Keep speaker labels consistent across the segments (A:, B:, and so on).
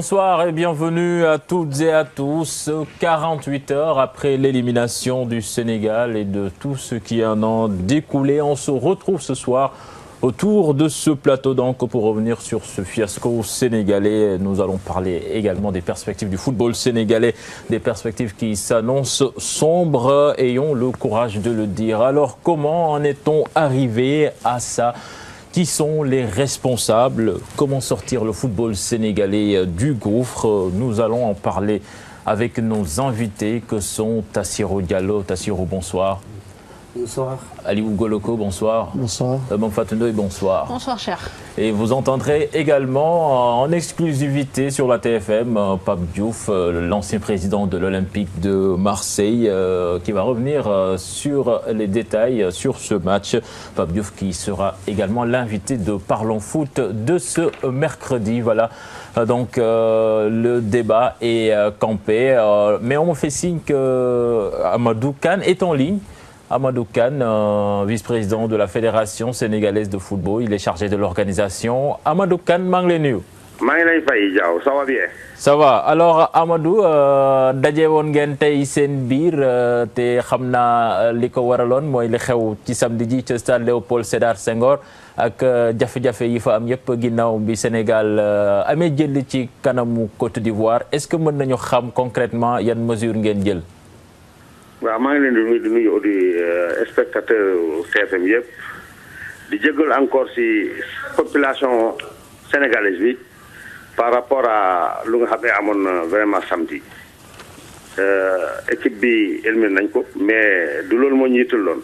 A: Bonsoir et bienvenue à toutes et à après l'élimination du Sénégal et de tout ce qui en a découlé, Donc, pour revenir sur ce fiasco sénégalais, nous allons parler également des perspectives du des perspectives qui s'annoncent sombres, ayons le Qui sont les responsables Comment sortir le football sénégalais euh, du gouffre Nous allons en parler avec nos invités que sont Tassiro Diallo. Tassiro, bonsoir. Bonsoir. Aliou Goloko, bonsoir. Bonsoir. Euh, Mam Fatenoy, bonsoir. Bonsoir, cher. Et vous entendrez également euh, en exclusivité sur la TFM euh, Pape Diouf, l'ancien président de l'Olympique de Marseille, qui va revenir sur les détails sur ce match. Pape Diouf qui sera également l'invité de Parlons Foot de ce mercredi. Voilà. Donc le débat est campé. mais on me fait signe que Amadou Khan est en ligne. Amadou Kane, euh, vice-président de la Fédération sénégalaise de football, il est chargé de l'organisation. Amadou Kane, maa ngi lay nuyu.
B: maa ngi lay fay Diaw ça va bien.
A: ça va alors Amadou euh, daje woon ngeen tey seen biir euh, te xam naa euh, li ko waraloon mooy li xew ci samedi ji ci stade Léopold Sédar Senghor ak jafe-jafe yi fa am yëpp ginnaaw bi Sénégal amee jël ci kanamu Côte d'Ivoire est-ce que mën nañu xam concrètement yan mesure ngeen jël.
B: waaw maa ngi leen di nuyu di nuyu audi euh, spectateur TFM yëpp di jégal encore ci population sénégalaise bi par rapport à lu nga xam ne amoon na vraiment samedi euh, équipe bi éliminé nañ ko mais du loolu moo ñu yitaloon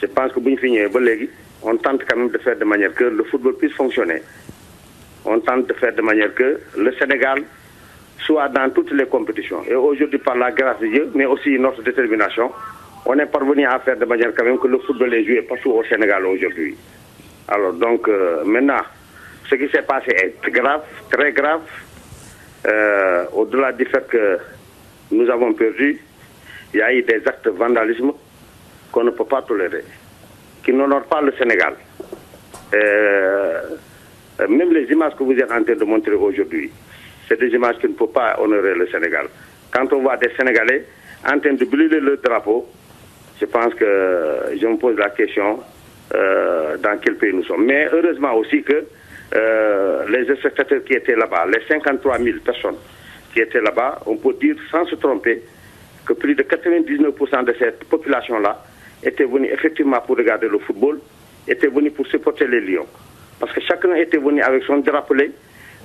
B: je pense que bu ñu fi ñëwee ba léegi on tente quand même de faire de manière que le football puisse fonctionner on tente de faire de manière que le Sénégal soit dans toutes les compétitions. Et aujourd'hui, par la grâce de Dieu, mais aussi notre détermination, on est parvenu à faire de manière quand même que le football est joué partout au Sénégal aujourd'hui. Alors donc, euh, maintenant, ce qui s'est passé est grave, très grave, euh, au-delà du fait que nous avons perdu, il y a eu des actes de vandalisme qu'on ne peut pas tolérer, qui n'honorent pas le Sénégal. Euh, même les images que vous êtes en train de montrer aujourd'hui, c'est des images qui ne peuvent pas honorer le Sénégal. Quand le drapeau, je pense que je me la question euh, dans quel pays nous sommes. Mais que euh, les spectateurs qui étaient là-bas, les 53 000 personnes qui étaient là-bas, on peut dire sans se tromper que plus de 99% de cette population-là était venue effectivement pour regarder pour supporter les Lions. Parce que chacun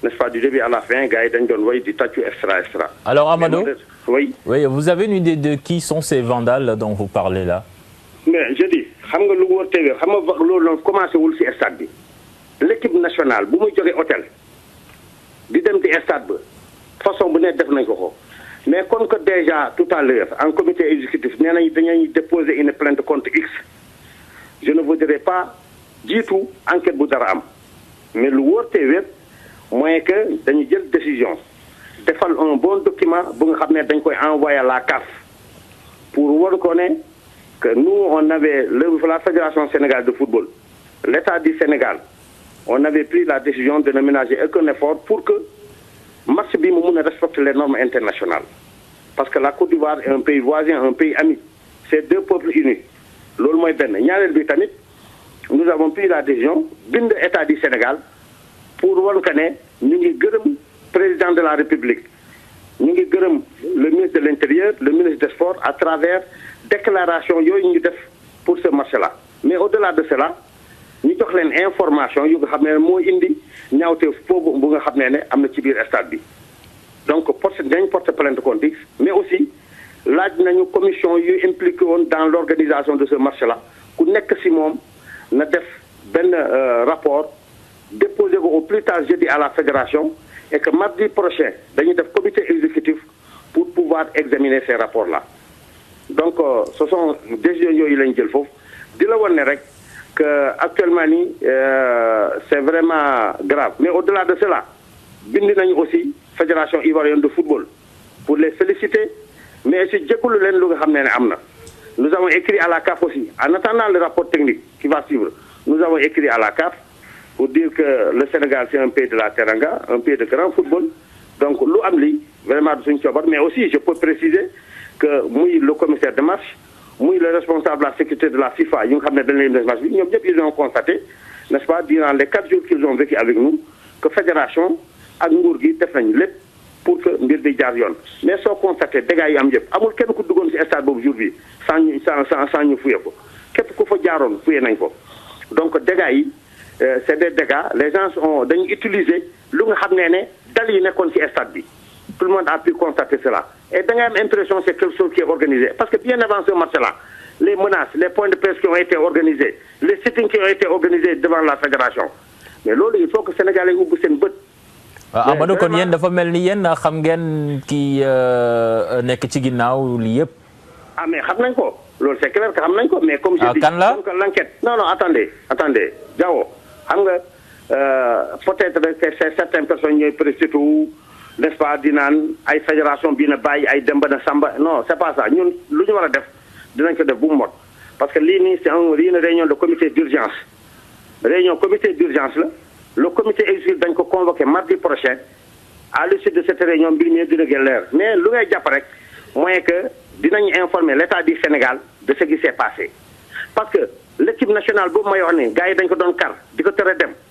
B: n'est-ce pas, du début à la fin, gars, ils donnent way du tatu, extra, extra. Alors, Amado, oui.
A: vous avez une idée de qui sont ces vandales dont vous parlez là
B: Mais je dis, xam nga lu wóor tey xam nga loolu noonu commencé wul si stade bi l'équipe nationale bu muy jógee hôtel di dem ci stade ba façon bu ne def nañ ko ko mais comme que déjà tout à l'heure en comité exécutif nee nañ dañuy déposer une plainte contre X je ne voudrais pas jiitu enquête bu dara am mais lu wóor tey mooy que dañu jël décision defal un bon document bu nga xam ne dañ koy envoyer la CAF pour war ko ne que nous on avait le la fédération sénégalaise de football l'état du Sénégal on avait pris la décision de ne ménager aucun effort pour que match bi mu mun a respecter les normes internationales parce que la Côte d'Ivoire est un pays voisin un pays ami c'est deux peuples unis loolu mooy benn ñaareel bi tamit nous avons pris la décision bind état du Sénégal pour wan ka ne ñu ngi gërëm président de la république ñu ngi gërëm le ministre de l' intérieur le ministre des sports à travers déclaration yooyu ñu def pour ce marché la mais au delà de cela ñu jox leen information yu nga xam ne moo indi ñaawteef foofu bu nga xam ne ne am na ci biir stade bi donc porte nañ porte plainte contre X mais aussi laaj nañu commission yu impliqué woon dans l' de ce marché la ku nekk si moom na def benn euh, rapport déposé ko au plus tard jeudi à la fédération et que mardi prochain dañuy def comité exécutif pour pouvoir examiner ces rapports la donc euh, ce sont décisions yooyu lañ jël foofu di la wan ne rek que actuellement nii euh, c'est vraiment grave mais au-delà de cela bind nañu aussi fédération ivoirienne de football pour les féliciter mais si jégalu leen lu nga xam ne ne am na nous avons écrit à la CAF aussi en attendant le rapport technique qui va suivre nous avons à la CAF pour dire que le Sénégal c'est un pays de la teranga un pays de grand football donc lu am li vraiment du suñu coobar mais aussi je peux préciser que muy le commissaire de match muy le responsable de la sécurité de la FIFA yi nga xam ne dañ leen def match bi ñoom ñëpp ils ont constaté n'est-ce pas durant les quatre jours qu'ils ont vécu avec nous que fédération ak nguur gi def nañ lépp pour que mbir di jaar yoon mais soo constaté dégâts yi am yëpp amul kenn ku duggoon ci stade boobu jour bi fa jaaroon fuye nañ ko Euh, c'est des dégâts les gens ont dañu utiliser lu nga xam ne ne dal yi nekkoon ci stade bi tout le monde a pu constater cela et da am impression c'est quelque chose qui est organisé parce que bien avant ce match-là les menaces les points de presse qui ont été organisés les sittings qui ont été organisés devant la fédération mais loolu il faut que sénégalais yi ubbi seen bët. a ah,
A: Amadou kon yéen dafa mel ni yéen ah, xam ngeen ki euh, nekk ci ginnaaw lii yëpp.
B: ah mais xam nañ ko loolu xam nañ ko mais. comme je ah, dis kan la donc l'enquête xam nga euh, peut-être que certaines personnes ñooy précipité wu n'est-ce pas di naan ay fédération bii na bàyyi ay Demba na Samba non c'est pas ça ñun lu ñu war a def dinañ ko def bu mu parce que lii nii c'est un lii na réunion de comité d'urgence réunion comité d'urgence la le comité exécutif dañ ko convoqué mardi prochain à l'issue de cette réunion mbir mi dina gën leer mais lu ngay jàpp rek mooy que dinañ informer l'état du Sénégal de ce qui s'est passé que l'équipe nationale boobu may wax ne gars yi dañ ko doon kar di ko tere dem